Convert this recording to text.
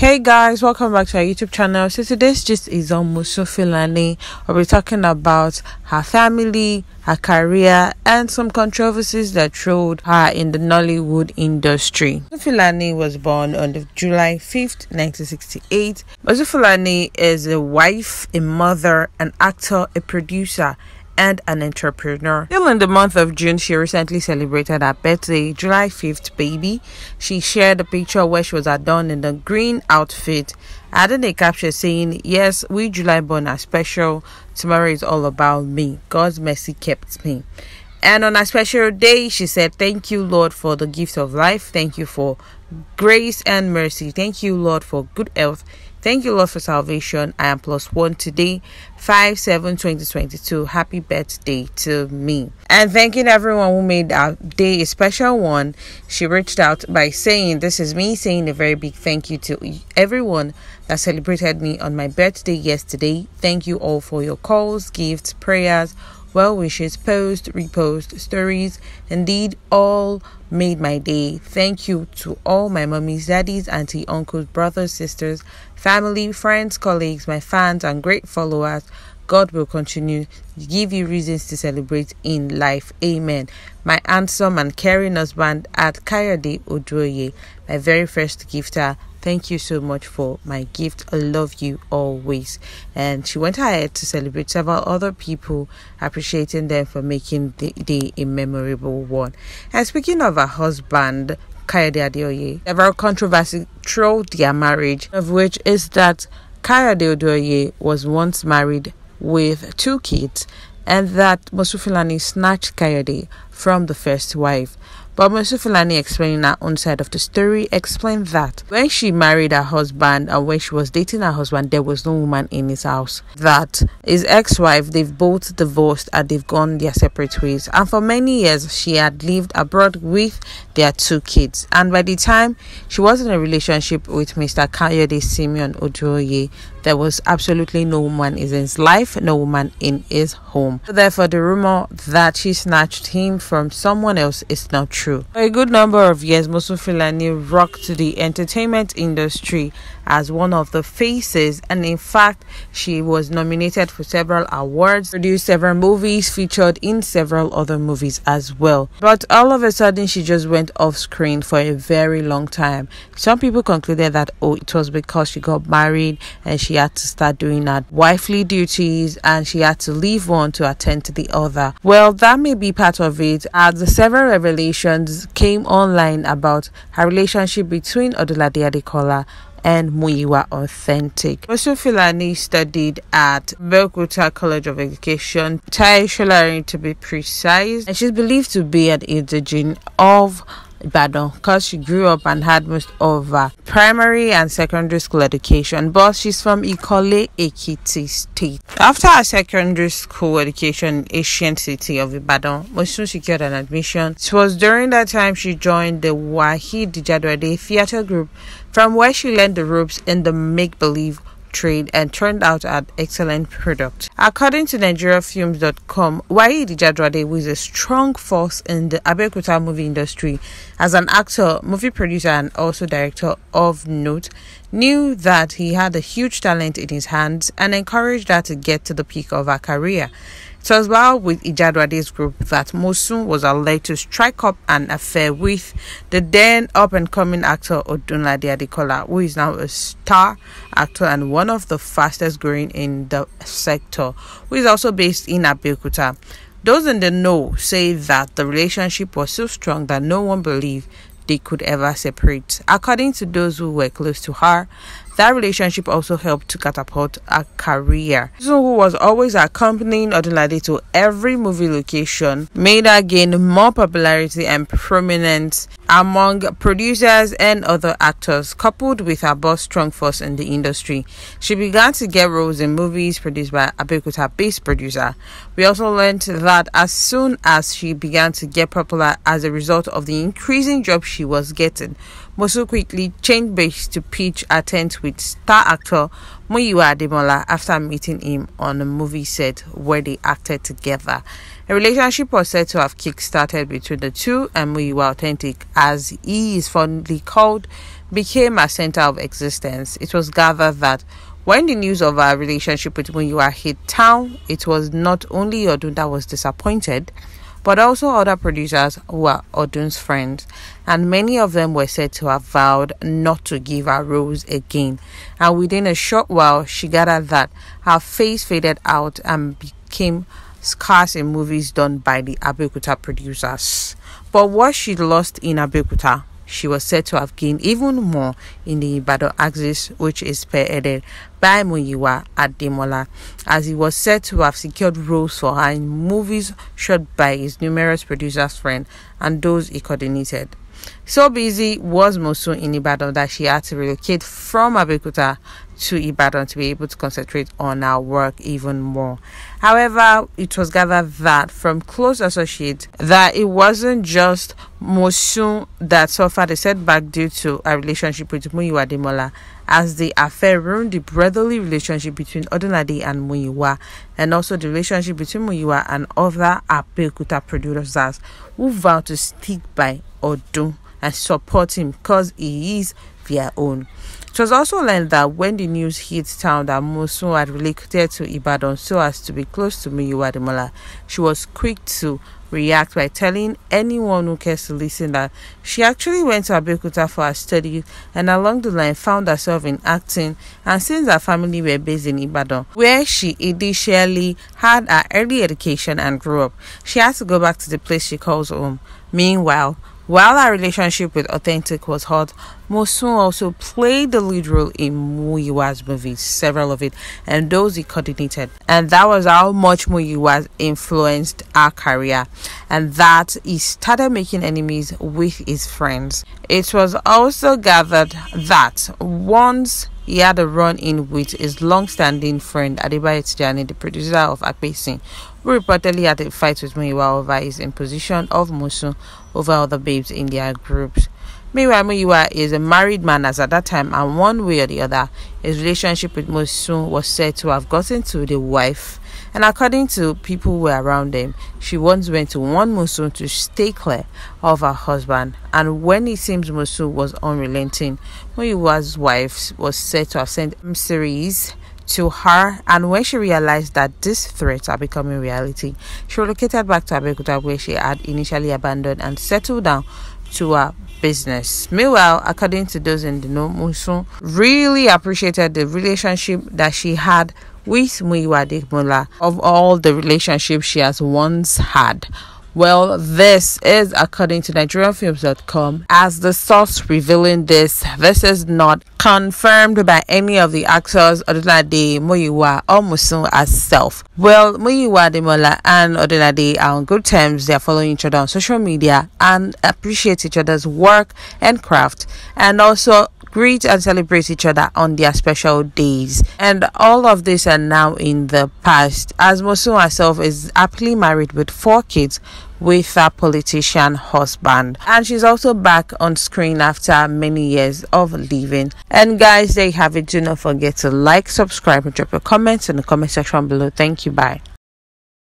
Hey guys, welcome back to our YouTube channel. So today's just is on Musufilani. I'll be talking about her family, her career, and some controversies that showed her in the Nollywood industry. Musufilani was born on July 5th, 1968. Musufilani is a wife, a mother, an actor, a producer, and an entrepreneur. Still in the month of June, she recently celebrated her birthday, July 5th baby. She shared a picture where she was adorned in a green outfit, adding a caption saying, Yes, we July born are special. Tomorrow is all about me. God's mercy kept me. And on a special day, she said, Thank you, Lord, for the gift of life. Thank you for grace and mercy. Thank you, Lord, for good health. Thank you, Lord, for salvation. I am plus one today, 5 7 2022. Happy birthday to me. And thanking everyone who made our day a special one. She reached out by saying, This is me saying a very big thank you to everyone that celebrated me on my birthday yesterday. Thank you all for your calls, gifts, prayers well wishes, posts, reposts, stories. Indeed, all made my day. Thank you to all my mummies, daddies, auntie, uncles, brothers, sisters, family, friends, colleagues, my fans, and great followers. God will continue to give you reasons to celebrate in life. Amen. My handsome and caring husband at Kayode Ojoye, my very first gifter. Thank you so much for my gift. I love you always. And she went ahead to celebrate several other people, appreciating them for making the day a memorable one. And speaking of her husband, Kayode Adeoye, several controversies through their marriage, of which is that Kayode Adeoye was once married with two kids and that Mosufilani snatched Kayode from the first wife. But Mercy Fulani explaining her own side of the story explained that when she married her husband and when she was dating her husband, there was no woman in his house. That his ex-wife, they've both divorced and they've gone their separate ways. And for many years, she had lived abroad with their two kids. And by the time she was in a relationship with Mr. Kayode Simeon Ojoye, there was absolutely no woman in his life, no woman in his home. Therefore, the rumor that she snatched him from someone else is not true. For a good number of years, Musu Filani rocked the entertainment industry as one of the faces, and in fact, she was nominated for several awards, produced several movies, featured in several other movies as well. But all of a sudden, she just went off screen for a very long time. Some people concluded that, oh, it was because she got married and she had to start doing her wifely duties and she had to leave one to attend to the other. Well, that may be part of it, as the several revelations came online about her relationship between Odulade Adekola and Muiwa Authentic. Also, Filani studied at Belkuta College of Education, Tai Sholari to be precise, and she's believed to be an indigen of Ibadan because she grew up and had most of her primary and secondary school education, but she's from Ikole, Ekiti State. After her secondary school education in ancient city of Ibadan, Mosun secured an admission. It was during that time she joined the Wahid Jadwade theater group, from where she learned the ropes in the make-believe trade and turned out an excellent product. According to NigeriaFilms.com, Waheed Jadrade was a strong force in the Abeokuta movie industry as an actor, movie producer, and also director of note, knew that he had a huge talent in his hands and encouraged her to get to the peak of her career. It was while with Ijadwade's group that Mosun was allowed to strike up an affair with the then up-and-coming actor Odunlade Adekola, who is now a star actor and one of the fastest growing in the sector, who is also based in Abeokuta. Those in the know say that the relationship was so strong that no one believed they could ever separate. According to those who were close to her, that relationship also helped to catapult her career. Susan, who was always accompanying Odunlade to every movie location, made her gain more popularity and prominence among producers and other actors, coupled with her boss strong force in the industry. She began to get roles in movies produced by Abeokuta based producer. We also learned that as soon as she began to get popular as a result of the increasing job she was getting, so quickly changed base to pitch a tent with star actor Muyiwa Ademola after meeting him on a movie set where they acted together. A relationship was said to have kick-started between the two and Muyiwa Authentic, as he is fondly called, became a center of existence. It was gathered that when the news of our relationship with Muyiwa hit town, it was not only Odun that was disappointed, but also other producers who are Odun's friends, and many of them were said to have vowed not to give her roles again. And within a short while, she gathered that her face faded out and became scarce in movies done by the Abeokuta producers. But what she lost in Abeokuta she was said to have gained even more in the Ibadan axis, which is spearheaded by Muyiwa Ademola, as he was said to have secured roles for her in movies shot by his numerous producers' friends and those he coordinated. So busy was Mosun in Ibadan that she had to relocate from Abeokuta to Ibadan to be able to concentrate on her work even more. However, it was gathered that from close associates that it wasn't just Mosun that suffered a setback due to a relationship with Muyiwa Demola, as the affair ruined the brotherly relationship between Odunadi and Muyiwa, and also the relationship between Muyiwa and other Abeokuta producers who vowed to stick by or do and support him because he is their own. It was also learned that when the news hit town that Musu had relocated to Ibadan so as to be close to Miyu Ademola, she was quick to react by telling anyone who cares to listen that she actually went to Abeokuta for her studies and along the line found herself in acting and since her family were based in Ibadan where she initially had her early education and grew up she had to go back to the place she calls home meanwhile while our relationship with Authentic was hot, Mosun also played the lead role in Muyiwa's movies, several of it, and those he coordinated. And that was how much Muyiwa influenced our career, and that he started making enemies with his friends. It was also gathered that once he had a run in with his long standing friend Adebayo Tijani, the producer of Akpesin, who reportedly had a fight with Muiwa over his imposition of Musu over other babes in their groups. Meanwhile, Muiwa is a married man as at that time, and one way or the other, his relationship with Musu was said to have gotten to the wife. And according to people who were around them, she once went to warn Musu to stay clear of her husband. And when it seems Musu was unrelenting, Muiwa's wife was said to have sent emissaries to her and when she realized that these threats are becoming reality, she relocated back to Abeokuta where she had initially abandoned and settled down to her business. Meanwhile, according to those in the know, Musun really appreciated the relationship that she had with Muiwa of all the relationships she has once had. Well, this is according to NigerianFilms.com as the source revealing this. This is not confirmed by any of the actors Odunade Muyiwa or Musun herself. Well, Muyiwa Demola and Odunade are on good terms. They are following each other on social media and appreciate each other's work and craft. And also greet and celebrate each other on their special days. And all of this are now in the past, as Mosun herself is happily married with four kids with her politician husband. And she's also back on screen after many years of leaving. And guys, there you have it. Do not forget to like, subscribe, and drop your comments in the comment section below. Thank you. Bye.